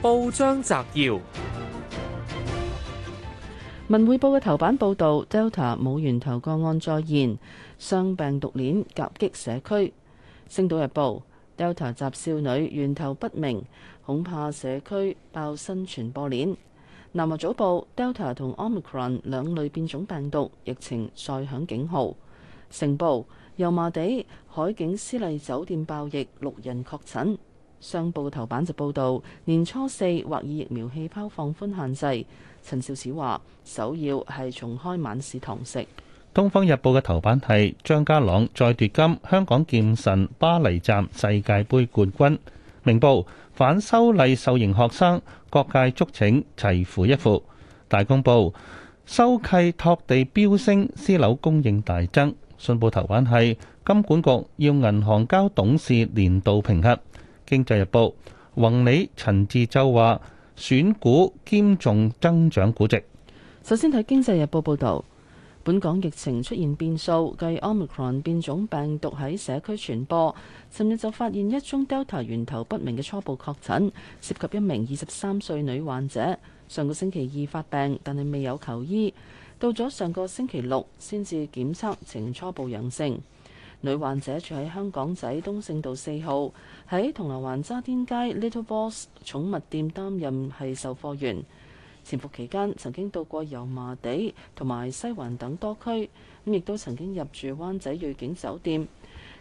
報章摘要：文匯報嘅頭版報道，Delta 冇源頭個案再現，雙病毒鏈夾擊社區。星島日報，Delta 襲少女源頭不明，恐怕社區爆新傳播鏈。南華早報，Delta 同 Omicron 兩類變種病毒疫情再響警號。成報，油麻地海景絲麗酒店爆疫，六人確診。商報頭版就報道，年初四或以疫苗氣泡放寬限制。陳肇始話，首要係重開晚市堂食。東方日報嘅頭版係張家朗再奪金，香港劍神巴黎站世界盃冠軍。明報反修例受刑學生，各界促請齊扶一扶。大公報收契托地飆升，私樓供應大增。信報頭版係金管局要銀行交董事年度評核。經濟日報，宏理陳志洲話：選股兼重增長估值。首先睇經濟日報報道，本港疫情出現變數，繼 Omicron 變種病毒喺社區傳播，尋日就發現一宗 Delta 源頭不明嘅初步確診，涉及一名二十三歲女患者。上個星期二發病，但係未有求醫，到咗上個星期六先至檢測呈初步陽性。女患者住喺香港仔東勝道四號，喺銅鑼灣渣甸街 Little Boss 寵物店擔任係售貨員。潛伏期間曾經到過油麻地同埋西環等多區，咁亦都曾經入住灣仔瑞景酒店。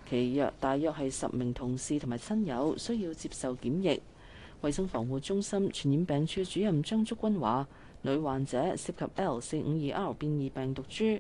其約大約係十名同事同埋親友需要接受檢疫。衛生防護中心傳染病處主任張竹君話：女患者涉及 L452R 變異病毒株，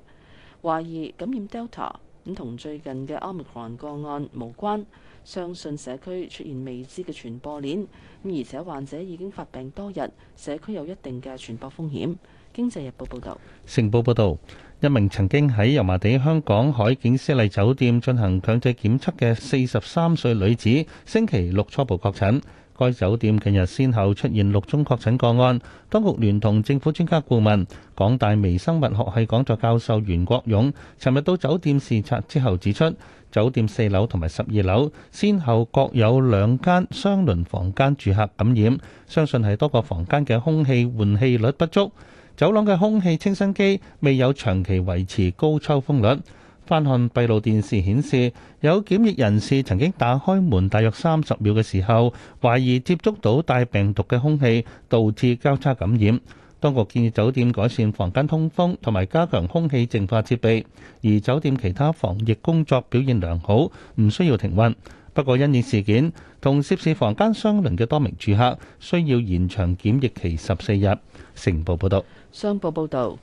懷疑感染 Delta。咁同最近嘅 Omicron 個案無關，相信社區出現未知嘅傳播鏈。咁而且患者已經發病多日，社區有一定嘅傳播風險。經濟日報報導，成報報導，一名曾經喺油麻地香港海景絲麗酒店進行強制檢測嘅四十三歲女子，星期六初步確診。該酒店近日先後出現六宗確診個案，當局聯同政府專家顧問、港大微生物學系講座教授袁國勇，尋日到酒店視察之後指出，酒店四樓同埋十二樓，先後各有兩間雙鄰房間住客感染，相信係多個房間嘅空氣換氣率不足，走廊嘅空氣清新機未有長期維持高抽風率。翻看閉路電視顯示，有檢疫人士曾經打開門大約三十秒嘅時候，懷疑接觸到帶病毒嘅空氣，導致交叉感染。當局建議酒店改善房間通風同埋加強空氣淨化設備，而酒店其他防疫工作表現良好，唔需要停運。不過，因應事件，同涉事房間相鄰嘅多名住客需要延長檢疫期十四日。成報報導，商報報導。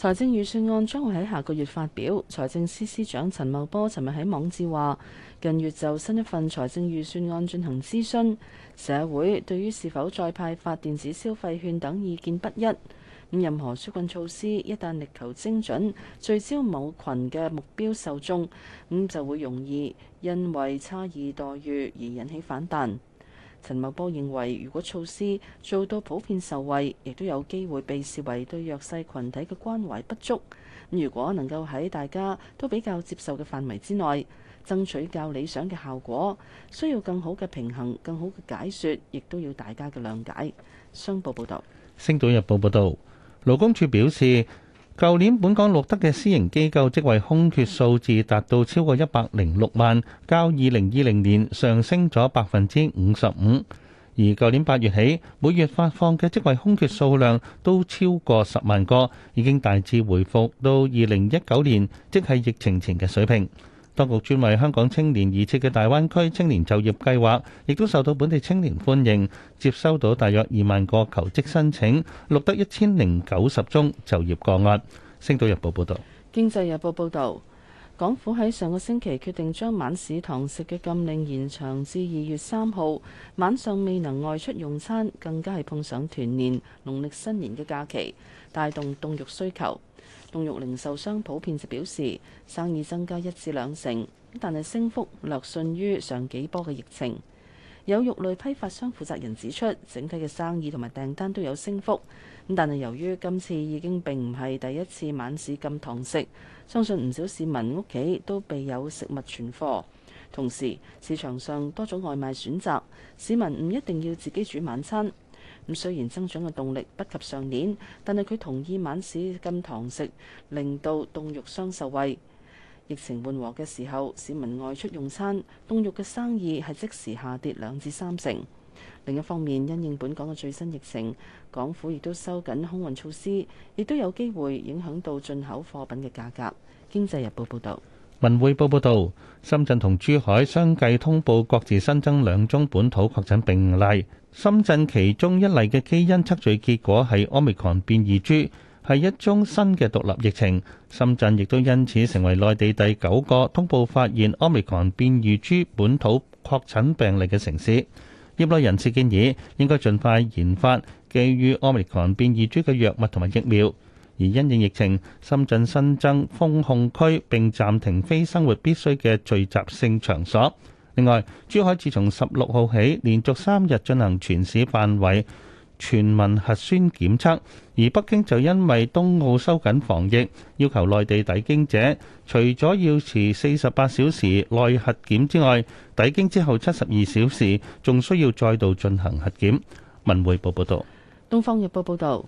財政預算案將會喺下個月發表。財政司司長陳茂波尋日喺網誌話：近月就新一份財政預算案進行諮詢，社會對於是否再派發電子消費券等意見不一。任何紓困措施一旦力求精準，聚焦某群嘅目標受眾，咁就會容易因為差異待遇而引起反彈。陳茂波認為，如果措施做到普遍受惠，亦都有機會被視為對弱勢群體嘅關懷不足。如果能夠喺大家都比較接受嘅範圍之內，爭取較理想嘅效果，需要更好嘅平衡、更好嘅解說，亦都要大家嘅諒解。商報報道，《星島日報》報道，勞工處表示。舊年本港錄得嘅私營機構職位空缺數字達到超過一百零六萬，較二零二零年上升咗百分之五十五。而舊年八月起，每月發放嘅職位空缺數量都超過十萬個，已經大致回復到二零一九年，即係疫情前嘅水平。當局專為香港青年而設嘅大灣區青年就業計劃，亦都受到本地青年歡迎，接收到大約二萬個求職申請，錄得一千零九十宗就業個案。星島日報報道。經濟日報報道，港府喺上個星期決定將晚市堂食嘅禁令延長至二月三號晚上，未能外出用餐，更加係碰上團年、農曆新年嘅假期，帶動凍肉需求。凍肉零售商普遍就表示生意增加一至兩成，但係升幅略遜於上幾波嘅疫情。有肉類批發商負責人指出，整體嘅生意同埋訂單都有升幅，但係由於今次已經並唔係第一次晚市禁堂食，相信唔少市民屋企都備有食物存貨，同時市場上多種外賣選擇，市民唔一定要自己煮晚餐。咁雖然增長嘅動力不及上年，但係佢同意晚市禁堂食，令到凍肉商受惠。疫情緩和嘅時候，市民外出用餐，凍肉嘅生意係即時下跌兩至三成。另一方面，因應本港嘅最新疫情，港府亦都收緊空運措施，亦都有機會影響到進口貨品嘅價格。經濟日報報道，文匯報報道，深圳同珠海相繼通報各自新增兩宗本土確診病例。深圳其中一例嘅基因測序結果係 o 係奧密克 n 變異株，係一宗新嘅獨立疫情。深圳亦都因此成為內地第九個通報發報發現奧密克 n 變異株本土確診病例嘅城市。業內人士建議應該盡快研發基於 o 於奧密克 n 變異株嘅藥物同埋疫苗。而因應疫情，深圳新增風控區並暫停非生活必需嘅聚集性場所。另外，珠海自從十六號起連續三日進行全市範圍全民核酸檢測，而北京就因為冬奧收緊防疫，要求內地抵京者除咗要持四十八小時內核檢之外，抵京之後七十二小時仲需要再度進行核檢。文匯報報導，東方日報報導。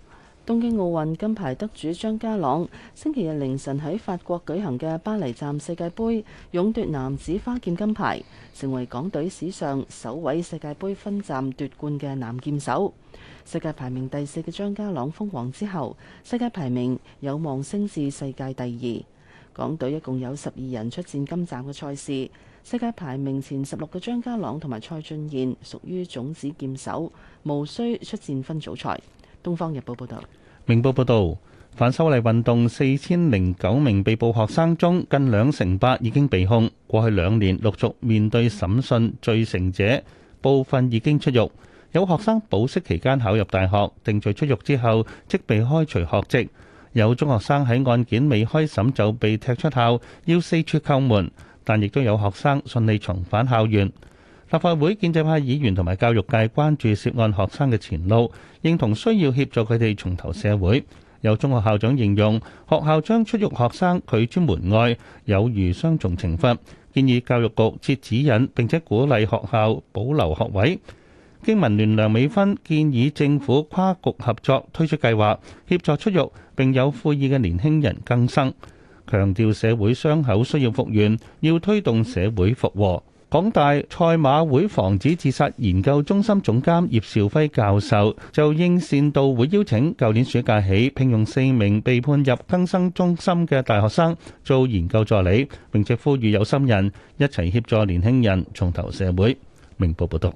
東京奧運金牌得主張家朗，星期日凌晨喺法國舉行嘅巴黎站世界盃，勇奪男子花劍金牌，成為港隊史上首位世界盃分站奪冠嘅男劍手。世界排名第四嘅張家朗封王之後，世界排名有望升至世界第二。港隊一共有十二人出戰今站嘅賽事，世界排名前十六嘅張家朗同埋蔡俊彥屬於種子劍手，無需出戰分組賽。《東方日報》報道，《明報》報導，反修例運動四千零九名被捕學生中，近兩成八已經被控。過去兩年陸續面對審訊，罪成者，部分已經出獄。有學生保釋期間考入大學，定罪出獄之後即被開除學籍。有中學生喺案件未開審就被踢出校，要四處叩門。但亦都有學生順利重返校園。立法會建制派議員同埋教育界關注涉案學生嘅前路，認同需要協助佢哋重投社會。有中學校長形容學校將出獄學生拒之門外，有如雙重懲罰，建議教育局設指引並且鼓勵學校保留學位。經民聯梁美芬建議政府跨局合作推出計劃，協助出獄並有悔意嘅年輕人更生，強調社會傷口需要復原，要推動社會復和。港大賽馬會防止自殺研究中心總監葉兆輝教授就應善導會邀請，舊年暑假起聘用四名被判入更生中心嘅大學生做研究助理，並且呼籲有心人一齊協助年輕人重投社會。明報報道，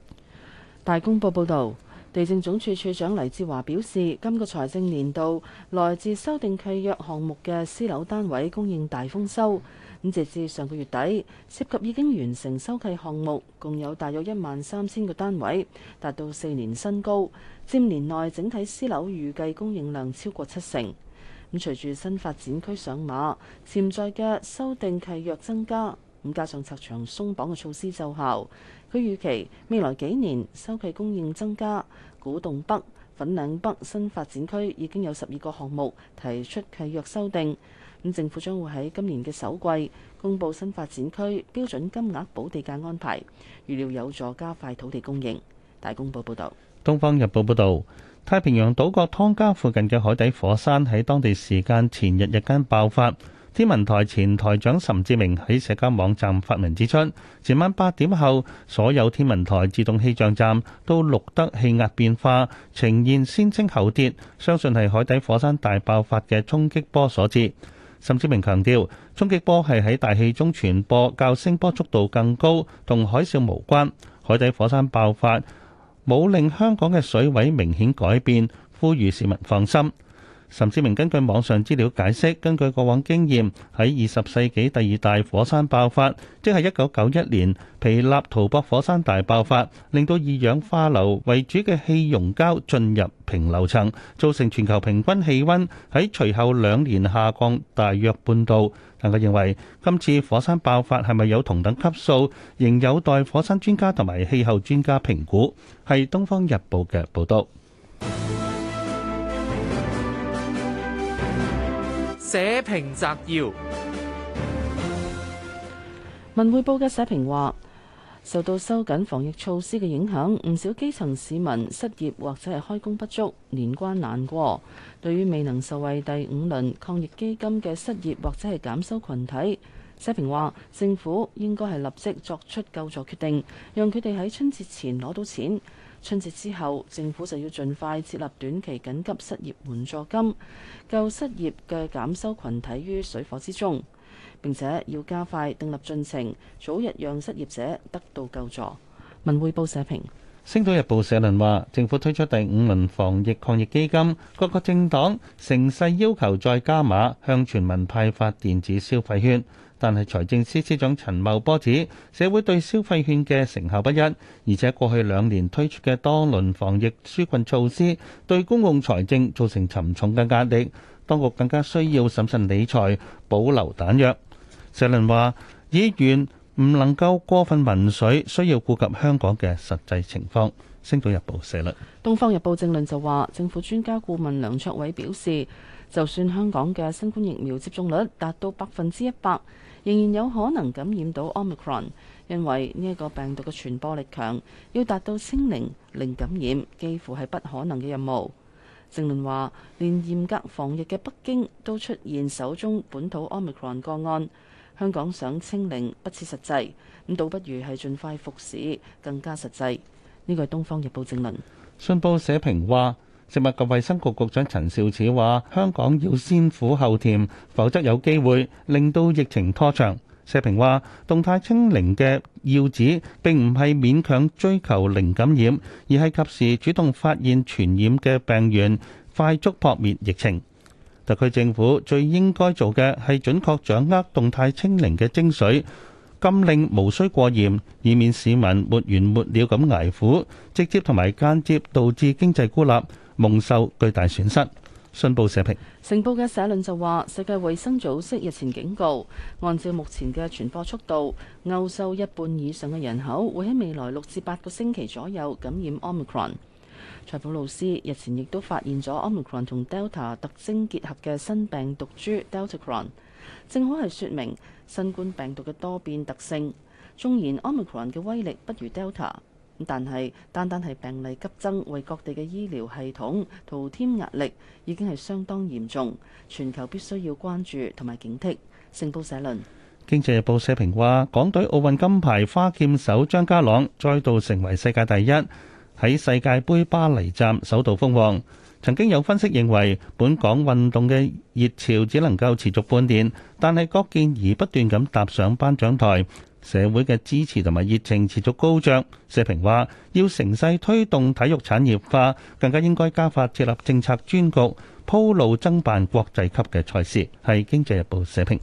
大公報報道，地政總署署長黎智華表示，今個財政年度來自修訂契約項目嘅私樓單位供應大豐收。咁截至上個月底，涉及已經完成收契項目，共有大約一萬三千個單位，達到四年新高。佔年內整體私樓預計供應量超過七成。咁隨住新發展區上馬，潛在嘅收定契約增加，咁加上拆牆鬆綁嘅措施奏效，佢預期未來幾年收契供應增加，古洞北、粉嶺北新發展區已經有十二個項目提出契約修訂，咁政府將會喺今年嘅首季公佈新發展區標準金額補地價安排，預料有助加快土地供應。大公報報導。《東方日報》報道：太平洋島國湯加附近嘅海底火山喺當地時間前日日間爆發。天文台前台長岑志明喺社交網站發文指出，前晚八點後，所有天文台自動氣象站都錄得氣壓變化，呈現先升後跌，相信係海底火山大爆發嘅衝擊波所致。岑志明強調，衝擊波係喺大氣中傳播，較聲波速度更高，同海嘯無關。海底火山爆發冇令香港嘅水位明顯改變，呼籲市民放心。岑志明根據網上資料解釋，根據過往經驗，喺二十世紀第二大火山爆發，即係一九九一年皮納圖博火山大爆發，令到二氧化硫為主嘅氣溶膠進入平流層，造成全球平均氣温喺隨後兩年下降大約半度。但佢認為今次火山爆發係咪有同等級數，仍有待火山專家同埋氣候專家評估。係《東方日報》嘅報道。社評摘要：文匯報嘅社評話，受到收緊防疫措施嘅影響，唔少基層市民失業或者係開工不足，年關難過。對於未能受惠第五輪抗疫基金嘅失業或者係減收群體，社評話政府應該係立即作出救助決定，讓佢哋喺春節前攞到錢。春節之後，政府就要盡快設立短期緊急失業援助金，救失業嘅減收群體於水火之中，並且要加快訂立進程，早日讓失業者得到救助。文匯報社評。星島日報社論話：政府推出第五輪防疫抗疫基金，各個政黨乘勢要求再加碼，向全民派發電子消費券。但係財政司司長陳茂波指，社會對消費券嘅成效不一，而且過去兩年推出嘅多輪防疫紓困措施，對公共財政造成沉重嘅壓力，當局更加需要審慎理財，保留彈藥。社論話：醫院唔能夠過分濁水，需要顧及香港嘅實際情況。星島日報社論。東方日報正論就話，政府專家顧問梁卓偉表示，就算香港嘅新冠疫苗接種率達到百分之一百，仍然有可能感染到 Omicron，因為呢一個病毒嘅傳播力強，要達到清零零感染幾乎係不可能嘅任務。正論話，連嚴格防疫嘅北京都出現首宗本土 Omicron 個案。香港想清零不切實際，咁倒不如係盡快復市更加實際，呢個係東方日報正文。信報社評話食物及衛生局局長陳肇始話香港要先苦後甜，否則有機會令到疫情拖長。社評話動態清零嘅要旨並唔係勉強追求零感染，而係及時主動發現傳染嘅病源，快速撲滅疫情。特區政府最應該做嘅係準確掌握動態清零嘅精髓，禁令無需過嚴，以免市民沒完沒了咁挨苦，直接同埋間接導致經濟孤立，蒙受巨大損失。信報社評，成報嘅社論就話：世界衛生組織日前警告，按照目前嘅傳播速度，歐洲一半以上嘅人口會喺未來六至八個星期左右感染 Omicron。塞浦路斯日前亦都發現咗 Omicron 同 Delta 特徵結合嘅新病毒株 Delta Cron，正好係說明新冠病毒嘅多變特性。縱然 Omicron 嘅威力不如 Delta，咁但係單單係病例急增，為各地嘅醫療系統徒添壓力，已經係相當嚴重。全球必須要關注同埋警惕。星報社論，《經濟日報》社評話：港隊奧運金牌花劍手張家朗再度成為世界第一。喺世界盃巴黎站首度封王，曾經有分析認為本港運動嘅熱潮只能夠持續半年，但係郭建儀不斷咁踏上頒獎台，社會嘅支持同埋熱情持續高漲。社評話要乘勢推動體育產業化，更加應該加快設立政策專局，鋪路增辦國際級嘅賽事。係《經濟日報》社評。